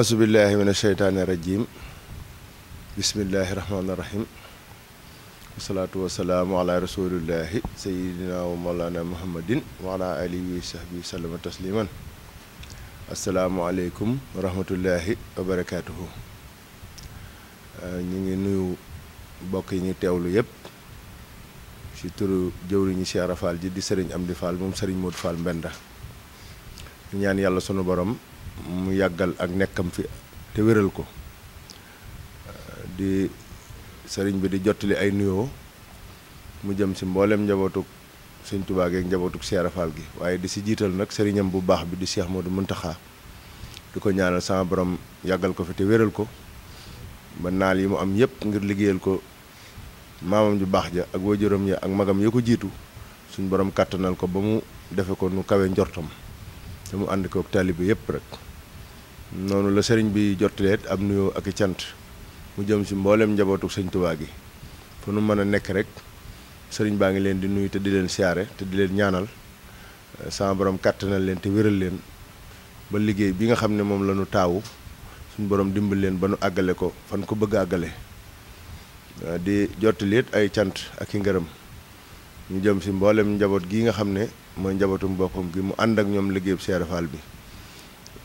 ahousubillahi min asheytaani irajim bismillahi rahmaani rahim wasalaatu wasalaamu wa mawlana muhammadin wa ala alihi wa sahbi sallama tasliman asalaamualeykum wa rahmatullahi wa barakatuhu ñu ngi nuyu bokk yi ñu teewlu yépp ci turu jëwriñu Cheikh Ibra Fall ji di sëriñ Amdi Fall moom sëriñ Modou Fall Mbenda ñaan yàlla sunu borom mu yàggal ak nekkam fi te wéral ko di sëriñ bi di jottali ay nuyoo mu jëm si mboolem njabootuk sëñ tubaagee geeg njabootuk Cheikh Rafal gi waaye di si jiital nag sëriñam bu baax bi di seex moo Cheikh Modou Muntaxa di ko ñaanal sama borom yàggal ko fi te wéral ko ba naal yi mu am yépp ngir liggéeyal ko maamam ju baax ja ak waajuram ya ak magam ya ko jiitu suñ borom kàttanal ko ba mu defe ko nu kawe njortam te mu ànd kook taalibe yépp rek noonu la sëriñ bi jottaleet ab nuyoo ak i cant mu jëm si mbooleem njabootu sëñ gi fu mën a nekk rek sëriñ baa ngi leen di nuyu te di leen siyaare te di leen ñaanal sama borom kàttanal leen te wéral leen ba liggéey bi nga xam ne moom la ñu taawu borom dimbal leen ba nu àggale ko fan ko bëgg àggale di jottaleet ay cant ak i ngërëm ñu jëm si mbooleem njaboot gi nga xam ne mooy njabootu boppam gi mu ànd ak ñoom liggéeyub Seere Faal bi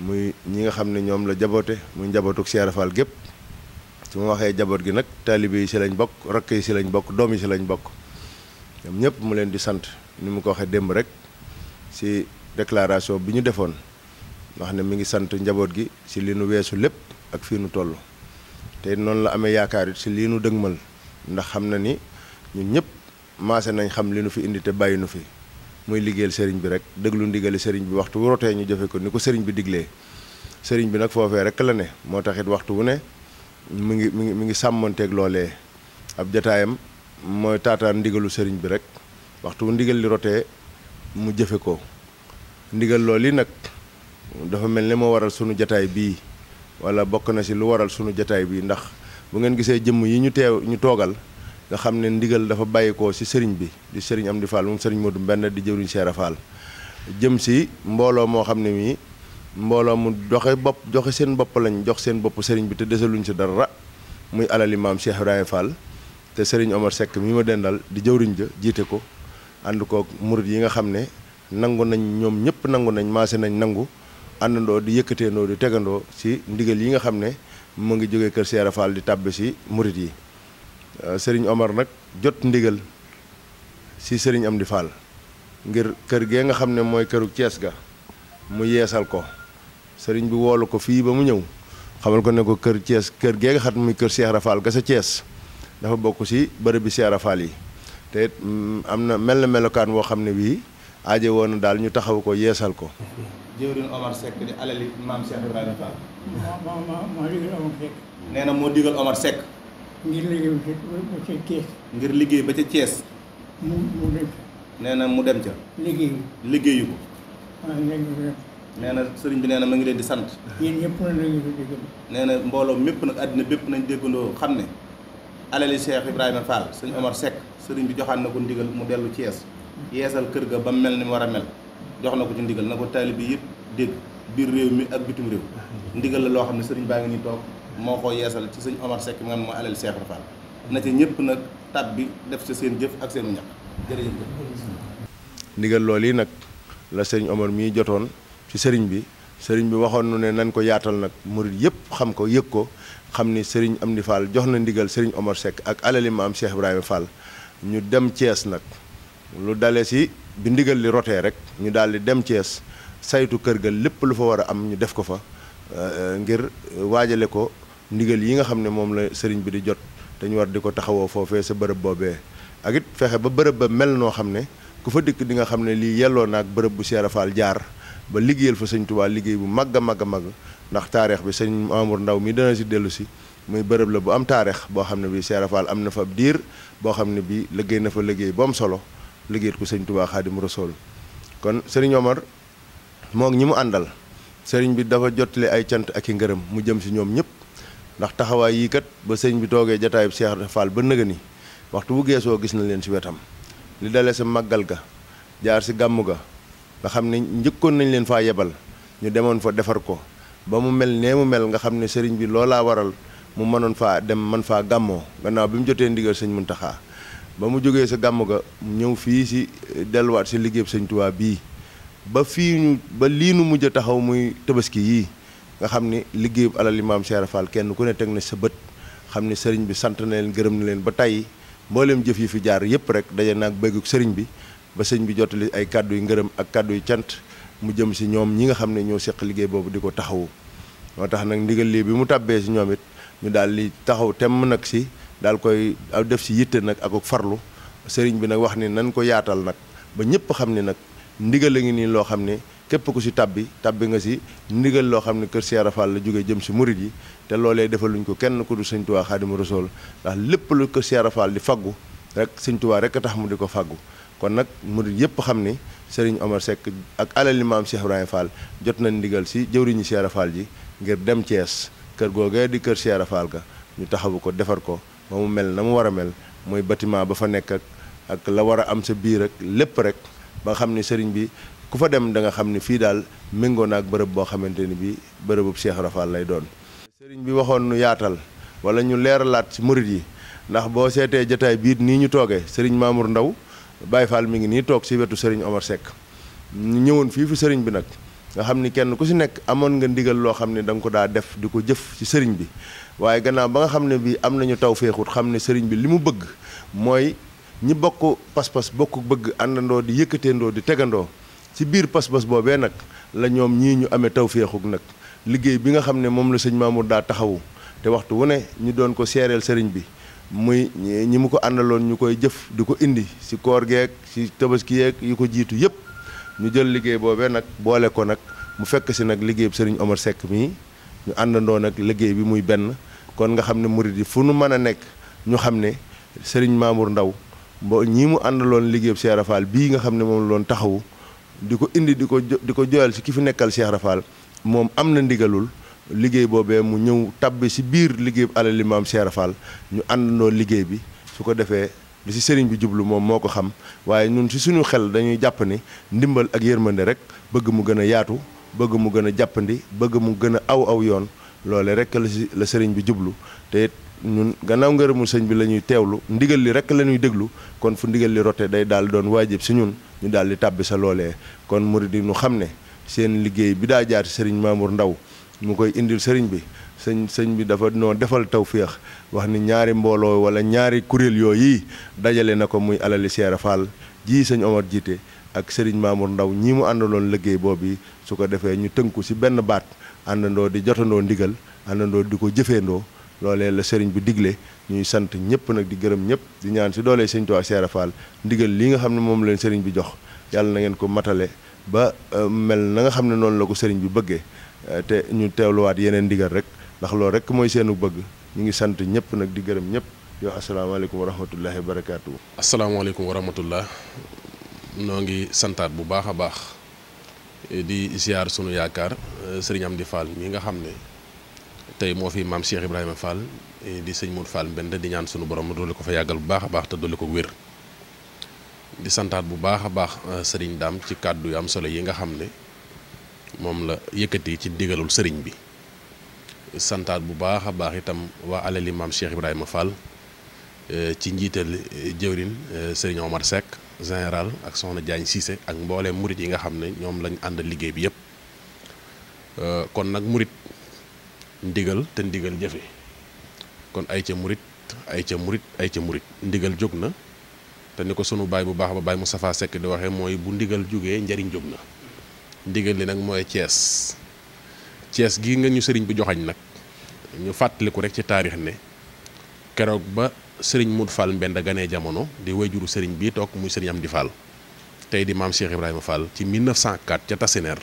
muy ñi nga xam ne ñoom la jaboote muy njabootuk Cheikh Fall gépp su ma waxee jaboot gi nag taalibe yi si lañ bokk rakk yi si lañ bokk doom yi si lañ bokk ñoom ñëpp mu leen di sant ni mu ko waxee démb rek si déclaration bi ñu defoon wax ne mi ngi sant njaboot gi si li nu weesu lépp ak fii nu toll te noonu la amee yaakaar it si lii nu dëgmal ndax xam na ni ñu ñëpp maase nañ xam li nu fi indi te bàyyi nu fi muy liggéeyal sëriñ bi rek déglu ndigali sëriñ bi waxtu wu rotee ñu jëfe ko ni ko sëriñ bi diglee sëriñ bi nag foofee rek la ne moo taxit waxtu wu ne mu ngi mu ngi mi ngi sàmmanteeg loolee ab jataayam mooy taataan ndigalu sëriñ bi rek waxtu wu ndigal li rotee mu jëfe ko ndigal loolu yi nag dafa mel ni moo waral sunu jataay bii wala bokk na si lu waral sunu jataay bii ndax bu ngeen gisee jëmm yi ñu teew ñu toogal nga xam ne ndigal dafa bàyyikoo ci sëriñ bi di sëriñ am Amdi Fall moom sëriñ Modou Mbenn di jëwriñ Seera Fall jëm si mbooloo moo xam ne mii mbooloo mu joxe bopp joxe seen bopp lañ jox seen bopp sëriñ bi te desaluñ si dara muy alali maam Cheikh Ibrahima Fall te sëriñ Omar Seck mi ma dendal di jëwriñ ja jiite ko ànd kook murit yi nga xam ne nangu nañ ñoom ñëpp nangu nañ maase nañ nangu àndandoo di yëkkateendoo di tegandoo ci ndigal yi nga xam ne mu ngi jógee kër Seera Fall di tàbbi ci murit yi Euh, sëriñ Omar nag jot ndigal si sëriñ Amdi Fall ngir kër gee nga xam ne mooy këru Cees ga mu yeesal ko sëriñ bi woolu ko fii ba mu ñëw xamal ko ne ko kër Cees kër gee nga xam muy kër Cheikh Rafal ga sa Cees dafa bokk si bërëb bi Cheikh Rafal yi te mm, am na mel na melokaan woo xam ne bii aaje woon daal ñu taxaw ko yeesal ko. jëwriñ nee na moo digal Omar Seck. ngir liggéey ba ca Thiès. ngir liggéey ba ca Thiès. mu mu dem ca. nee na mu dem ca. liggéeyu liggéeyu ko. waaw na sëriñ bi nee na ma ngi leen di sant. yéen ñëpp nee na mbooloo mépp nag àddina bépp nañ déggandoo xam ne alali Cheikh Ibrahima Fall sëñ Omar Seck sëriñ bi joxaat na ko ndigal mu dellu cees yeesal kër ga ba mu mel ni mu war a mel jox na ko ci ndigal na ko taalibe bi yëpp dégg. biir réew mi ak bitum réew ndigal la loo xam ne sëriñ baa ngi ni toog moo ko yeesal ci sëñ Omar Seck mi nga xam ne mooy na ci bi def sa seen jëf ak seenu ñax ndigal loolu yi nag la sëriñ Omar mii jotoon ci sëriñ bi sëriñ bi waxoon nu ne nañ ko yaatal nag murit yëpp xam ko yëg ko xam ni sëriñ Amdi Fall jox na ndigal sëriñ Omar Seck ak alali maam Cheikh Ibrahima Fall ñu dem Thiès nag lu dale si bi ndigal li rotee rek ñu daal di dem Thiès saytu kër ga lépp lu fa war a am ñu def ko fa euh, ngir waajale ko ndigal yi nga xam ne moom la sëriñ bi di jot dañu war di ko taxawoo foofee sa bërëb boobee ak it fexe ba bërëb ba mel noo xam ne ku fa dikk di nga xam ne lii yelloo ak bërëb bu Cheikh Fall jaar ba liggéeyal fa sëñ Tuubaa liggéey bu mag a mag a mag ndax taarix bi sëñ Mamour Ndaw mi dana si dellu si muy bërëb la bu am taarix boo xam ne bi Cheikh Fall am na fa ab diir boo xam ne bi liggéey na fa liggéey bu am solo liggéeyal ko sëñ Tuubaa Xaadim Rasuul moog ñi mu àndal sëriñ bi dafa jottali ay cant ak i ngërëm mu jëm si ñoom ñëpp ndax taxawaay yii kat ba sëriñ bi toogee jataayub Seex Ibra Faal ba nëga ni waxtu bu geesoo gis na leen si wetam li dalee sa màggal ga jaar si gàmm ga nga xam ne njëkkoon nañ leen faa yebal ñu demoon fa defar ko ba mu mel nee mu mel nga xam ne sëriñ bi loolaa waral mu mënoon faa dem man faa gàmmoo gannaaw bi mu jotee ndigal sëñ mun taxaa ba mu jógee sa gàmm ga ñëw fii si delluwaat si liggéeyub sëñ Tuubaa bii ba fii ba lii nu mujj taxaw muy tabaski yii nga xam ni liggéeyu alal imaam Cheikh Fall kenn ku ne teg na sa bët xam ni sëriñ bi sant na leen gërëm na leen ba tey mbooleem jëf yi fi jaar yëpp rek daje naag bëgguk sëriñ bi ba sëriñ bi jottali ay kàddu yu ngërëm ak kàddu yu cant mu jëm si ñoom ñi nga xam ne ñoo seq liggéey boobu di ko taxawu. moo tax nag ndigal lii bi mu tàbbee si ñoom it ñu daal li taxaw temm nag si daal koy def si yitte nag ak farlu sëriñ bi nag wax ni nan ko yaatal nag ba ñëpp xam ni nag ndigal la ngi nii loo xam ne képp ku si tabbi tabbi nga si ndigal loo xam ne kër Cheikh Fall la jógee jëm si murit yi te loolee defaluñ ko kenn ku du sëñ Tuubaa Xaadimu Rasuul ndax lépp lu kër Cheikh Fall di faggu rek sëñ Tuubaa rek a tax mu di ko faggu kon nag murit yëpp xam ne Serigne Omar Seck ak alali maam Cheikh Ibrahima Fall jot na ndigal si jëwriñu Cheikh Fall ji ngir dem Thiès kër googee di kër Cheikh Fall ga ñu taxawu ko defar ko ba mu mel na mu war a mel mooy bâtiment ba fa nekk ak la war a am sa biir ak lépp rek ba xam ni sëriñ bi ku fa dem danga xam ni fii daal méngoo na ak bërëb boo xamante ni bi bërëbub Cheikh Rafal lay doon sëriñ bi waxoon nu yaatal wala ñu leeralaat ci murit yi ndax boo seetee jataay biit nii ñu toogee sëriñ Mamour Ndaw Baye Fall mi ngi nii toog ci wetu sëriñ Omar Seck ñu ñëwoon fii fi sëriñ bi nag nga xam ni kenn ku si nekk amoon nga ndigal loo xam ne da nga ko daa def di ko jëf ci sëriñ bi waaye gannaaw ba nga xam ne bii am nañu taw féexut xam ne sëriñ bi li mu bëgg mooy ñi bokk pas-pas bokk bëgg àndandoo di yëkkateendoo di tegandoo ci biir pas-pas boobee nag la ñoom ñii ñu amee tawféexug nag liggéey bi nga xam ne moom la sëñ Mamour daa taxawu te waxtu wu ne ñu doon ko seereel sëriñ bi muy ñi mu ko àndaloon ñu koy jëf di ko indi ci koor geek ci tabaski yeeg yi ko jiitu yépp ñu jël liggéey boobee nag boole ko nag mu fekk si nag liggéey bi sëriñ Omar Seck mii ñu àndandoo nag liggéey bi muy benn kon nga xam ne murid yi fu nu mën a nekk ñu xam ne sëriñ Mamour Ndaw ba ñii mu àndaloon liggéeyub Cheikh Rafaal bii nga xam ne moom loon taxawu di ko indi di ko di ko joyal si ki fi nekkal Cheikh Rafaal moom am na ndigalul liggéey boobee mu ñëw tabbi si biir liggéeyub alali maam Cheikh Rafaal ñu àndandoo liggéey bi su ko defee li si sëriñ bi jublu moom moo ko xam waaye ñun si suñu xel dañuy jàpp ni ndimbal ak yërmande rek bëgg mu gën a yaatu bëgg mu gën a jàppandi bëgg mu gën a aw aw yoon loole rek la si sëriñ bi jublu te ñun gannaaw ngërëmu sëñ bi la ñuy teewlu ndigal li rek la ñuy déglu kon fu ndigal li rote day daal doon waajib si ñun ñu daal di tàbbi sa loolee kon murid yi ñu xam ne seen liggéey bi daa jaar sëriñ Mamour Ndaw mu koy indil sëriñ bi sëñ sëñ bi dafa noo defal tawféex wax ni ñaari mbooloo wala ñaari kuréel yooyu dajale na ko muy alali Seera Fall ji sëñ Omar jiite ak sëriñ Mamour Ndaw ñi mu àndaloon liggéey boobu su ko defee ñu tënku si benn baat àndandoo di jotandoo ndigal àndandoo di ko jëfeendoo loolee la sëriñ bi digle ñuy sant ñëpp nag di gërëm ñëpp di ñaan si doolee sëñ seer Seera Faal ndigal li nga xam ne moom leen sëriñ bi jox yàlla na ngeen ko matale ba euh, mel na nga xam ne noonu la ko sëriñ bi bëggee euh, te ñu teewluwaat yeneen ndigal rek ndax loolu rek mooy seenu bëgg ñu ngi sant ñëpp nag di gërëm ñëpp di wax asalaamaaleykum wa wa barakaatu. asalaamaaleykum wa noo ngi santaat bu baax a baax di ziar sunu yaakaar euh, sëriñ Amdi Fall mi nga xam ne. tey moo fi maam Cheikh Ibrahima Fall di sëñ Mour Fall Mbende di ñaan sunu borom doole ko fa yàggal bu baax a baax te doole ko wér di santaat bu baax a baax euh, sëriñ daam ci kàddu yi am solo yi nga xam ne moom la yëkkati ci digalul sëriñ bi santaat bu baax a baax itam waa alali maam Cheikh Ibrahima Fall euh, ci njiital euh, jëwrin sëriñ Omar Seck général ak soxna Diagne Cissé ak mbooleem murit yi nga xam ne ñoom lañ ànd liggéey bi yëpp kon nag murit ndigal te ndigal jëfe kon ay ca murit ay ca murit ay ca murit ndigal jóg na te ni ko sunu baay bu baax ba baay safaa Seck di waxee mooy bu ndigal jógee njariñ jóg na ndigal li nag mooy Cees Cees gi nga ñu sëriñ bu joxañ nag ñu fàttaliku rek ci taarix ne keroog ba sëriñ Moud Fall Mbend ganee jamono di wayjuru sëriñ bii toog muy sëriñ Amdi Fall tey di maam Cheikh Ibrahima Fall ci 1904 ca Tasineer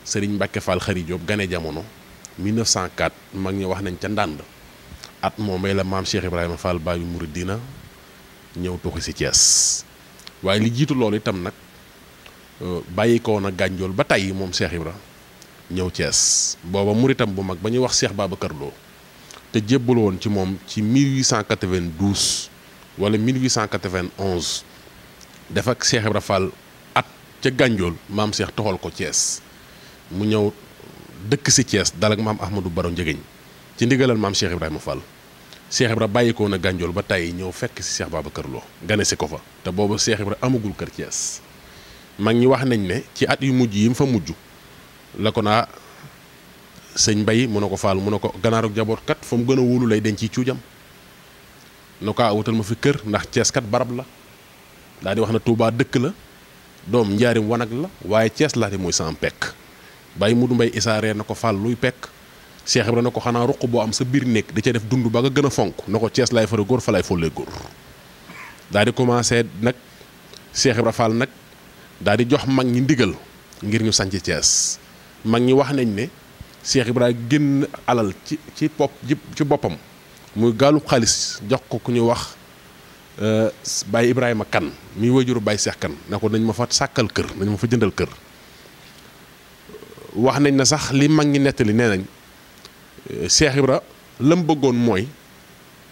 sëriñ Mbacke Fall Xari Diop ganee jamono 1904 mag ñi wax nañ ca ndànd at moomee la maam Cheikh Ibrahima Fall Baay dina ñëw tuxi si Thiès waaye li jiitu loolu itam nag euh, bàyyi ko woon a ba tey moom Cheikh Ibra ñëw cees booba mur itam bu mag ba ñuy wax Cheikh Babacar Lo te jébbal woon ci moom ci 1892 wala 1891 def ak seex Ibra Fall at ca gànjool maam seex toxal ko Thiès mu ñëw. dëkk si Thiès dal ak maam Ahmadou Baro Njëgeñ ci ndigalal maam Cheikh Ibrahima Fall Cheikh Ibra bàyyikoo na gànjool ba tàyyi ñëw fekk si Cheikh Babacar kërloo gane si ko fa te boobu Cheikh Ibra amagul kër Thiès mag ñi wax nañ ne ci at yu mujj yi mu fa mujj la ko naa sëñ Mbay mu ne ko Fall mu ne ko ganaaru jaboot kat fa mu gën a wóolu lay denc ci cuujam nu kaa ah, wutal ma fi kër ndax ceeskat barab la daal wax na Touba dëkk la doom njaarim wanag la waaye Thiès laati mooy sa bàyyi Mudu Mbay Isaa ree na ko fàll luy pekk Cheikh Ibra na ko xanaa ruq boo am sa biir néeg da ca def dund ba nga gën a fonk na ko Cees laay fara góor fa laay góor daal di commencé nag Cheikh Ibra nag daal di jox mag ñi ndigal ngir ñu sanc Cees mag ñi wax nañ ne Cheikh Ibra génn alal ci ci pop ci boppam muy gaalu xaalis jox ko ku ñu wax euh, baay Ibrahima Kan muy wajuru Baye Cheikh Kan na ko nañ ma fa sàkkal kër nañu ma fa jëndal kër wax nañ na sax li mag ngi nettali nee nañ euh, Cheikh Ibra lam bëggoon mooy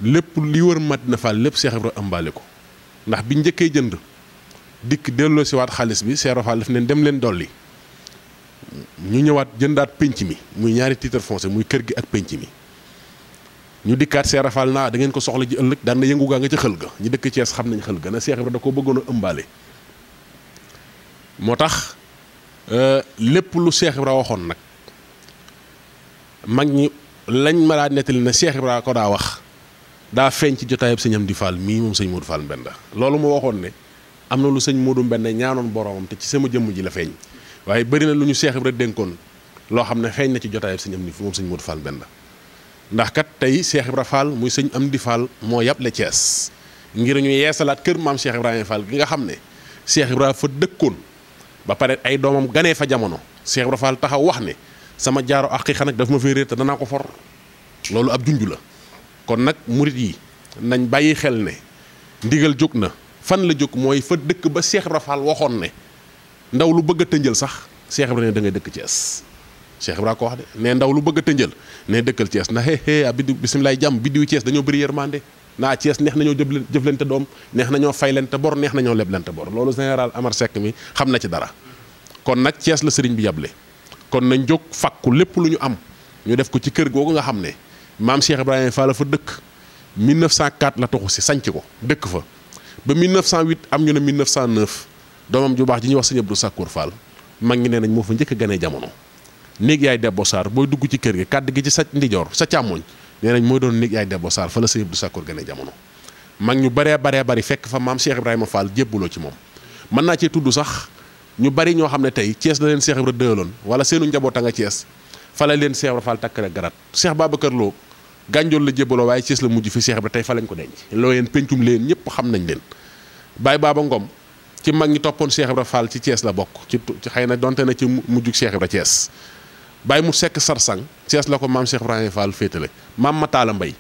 lépp li wër na Fall lépp Cheikh ëmbaale ko ndax bi njëkkee jënd dikk delloosiwaat siwaat xaalis bi Cheikh Ibra Fall daf leen dem leen dolli ñu ñëwaat jëndaat pénc mi muy ñaari titre foncier muy kër gi ak pénc mi ñu dikkaat Cheikh naa ah, da ngeen ko soxla ji ëllëg daan na yëngu gaa nga ca xël ga ñu dëkk Thiès xam nañ xël ga na Cheikh Ibra da koo bëggoon a ëmbaale moo tax Euh, lépp lu Cheikh Ibra waxoon nag mag ñi lañ ma daa nettali ne Cheikh Ibra ko daa wax daa feeñ ci jotaayab sëñ di Fall mii moom sëñ Modou Fall Mbenda loolu mu waxoon ne am na lu sëñ Modou Mbenda ñaanoon boromam ci sama jëmm ji la waaye bëri na lu ñu Cheikh Ibra dénkoon loo xam ne feeñ na ci jotaayab sëñ Amdi sëñ Modou Fall Mbenda ndax kat tey Cheikh Ibra muy sëñ Amdi Fall moo la Thiès ngir ñu yeesalaat kër maam Cheikh Ibrahima Fall gi nga xam ne Cheikh Ibra fa dëkkoon ba pare ay doomam ganee fa jamono Cheikh Ibra taxaw wax ne sama jaaro aqiqa nag daf ma fay réer te danaa ko for loolu ab junj la kon nag murit yi nañ bàyyi xel ne ndigal jóg na fan la jóg mooy fa dëkk ba Cheikh Ibra waxoon ne ndaw lu bëgg a sax Cheikh Ibra ne da ngay dëkk Thiès Cheikh Ibra ko wax de ne ndaw lu bëgg tënjël tënjal ne dëkkal Thiès ndax hee hee ab biddiw lay jàmm biddiwu Thiès dañoo bëri yërmande naa Thiès neex nañoo jëflante doom neex nañoo faylante bor neex nañoo leblante bor loolu général Amar Seck mi xam na ci dara kon nag Thiès la sëriñ bi yable kon nañ jóg fakku lépp lu ñu am ñu def ko ci kër googu nga xam ne maam Cheikh Ibrahima Fall la fa dëkk 1904 la toxu si sanc ko dëkk fa ba 1908 am ñu ne 1909 doomam ju baax ji ñuy wax sëñ Abdou Sakkour Fall mag ngi ne nañ moo fa njëkk a ganee jamono néeg yaay debbo saar booy dugg ci kër gi kàdd gi ci sa ndijoor sa càmmoñ nee mooy doon néeg yaay Debbo Sarr fa la sëñ Abdou Sakkoor gën jamono mag ñu baree baree bari fekk fa maam Cheikh Ibrahima Fall jébbaloo ci moom mën naa cee tudd sax ñu bari ñoo xam ne tey cees la leen Cheikh Ibrahima dëyaloon wala seenu njaboota nga Thiès fa la leen Cheikh Ibrahima Fall takk garat Cheikh Babacar Lo gànjool la jébbaloo waaye Thiès la mujj fi seex Ibrahima tey fa lañ ko denc loo yeen pencum leen ñëpp xam nañ leen baay baaba Ngom ci mag ñi toppoon Cheikh Ibrahima Fall ci Thiès la bokk ci xëy na donte na ci mujjug Cheikh Ibrahima Thiès bàyyi mu sekk sarsang Cees la ko maam Cheikh Ibrahima Fall féetale maam Mataala Mbay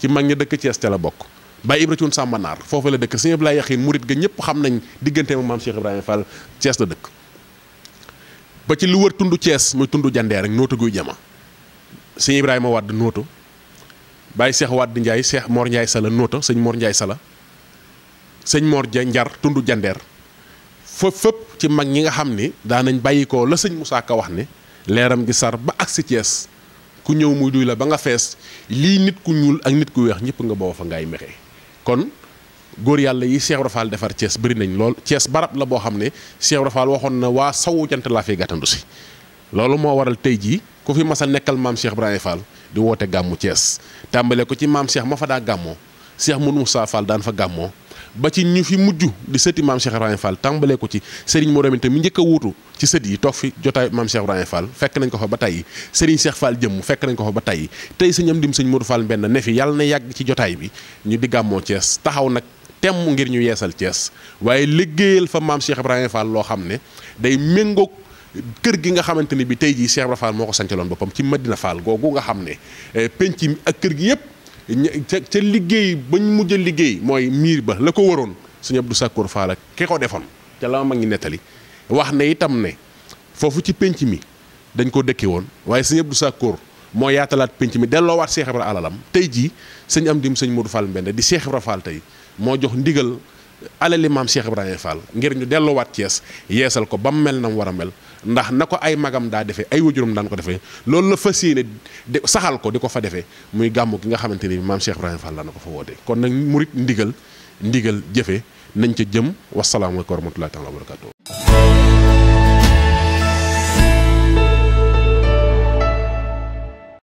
ci mag ña dëkk Cees ca la bokk bàyyi Ibra Cuun Sàmbanaar foofu la dëkk sëñ Ablaay Yaxin murit ga ñëpp xam nañ diggante ma maam Cheikh Ibrahima Fall Cees la dëkk ba ci lu wër tund Cees muy tund jandee rek nootu guy jama sëñ Ibrahima Wàdd nootu bàyyi Cheikh Wàdd Ndiaye Cheikh moor Ndiaye Sala noota sëñ moor Ndiaye Sala sëñ moor ja Njar tund jandeer fëpp fëpp ci mag ñi nga xam ni daanañ bàyyi ko la sëñ Moussa Ka wax ne leeram gi sar ba agsi Cees ku ñëw muy duy la ba nga fees lii nit ku ñuul ak nit ku weex ñëpp nga booba fa ngaay mexe kon góor yàlla yi Cheikh Ibra Fall defar Cees bari nañ lool Cees barab la boo xam ne Cheikh Ibra waxoon na waa sawu jant laa fi gàttandu si loolu moo waral tey jii ku fi mas nekkal maam Cheikh Ibrahima Fall di woote gàmmu Cees tàmbale ko ci maam seex ma fa daa gàmmoo Cheikh Mourou Moussa Fall daan fa gàmmoo ba ci ñu fi mujj di sëti maam Cheikh Ibrahima Fall tàmbalee ko ci Serigne moo Aminta mi njëkk a wuutu ci sët yi toog fi jotaay maam Cheikh Ibrahima Fall fekk nañ ko fa ba tey Serigne Cheikh Fall jëmm fekk nañ ko fa ba tey tey sëñ am dim sëñ Modou Fall mbenn ne fi yàlla na yàgg ci jotaay bi ñu di gàmmoo cees taxaw nag temm ngir ñu yeesal Thiès waaye liggéeyal fa maam Cheikh Ibrahima Fall loo xam ne day méngoog kër gi nga xamante ne bi tey jii Cheikh Ibrahima Fall moo ko sancaloon boppam ci Madina Fall googu nga xam ne eh, penc ak kër gi yëpp ca ca liggéey bañ mujj a liggéey mooy miir ba la ko waroon sëñ Abdou Sakkour Fall ak ki ko defoon ca la ma ngi nettali wax ne itam ne foofu ci pénc mi dañ ko dëkke woon waaye sëñ Abdou Sakkour moo yaatalaat pénc mi delloowaat Cheikh Ibra alalam tey jii sëñ am dim sëñ Modou Fall Mbende di Cheikh Ibra Fall tey moo jox ndigal alali maam Cheikh Ibrahima Fall ngir ñu delluwaat Thiès yeesal ko ba mu mel na mu war a mel ndax na ko ay magam daa defee ay wajuram daan ko defee loolu la fa yéene de saxal ko di ko fa defee muy gàmmu ki nga xamante ni maam Cheikh Ibrahima Fall daan na ko fa wootee kon nag murit ndigal ndigal jëfe nañ ca jëm wasalaamu aleykum wa rahmatullaahi taala wa barakaatu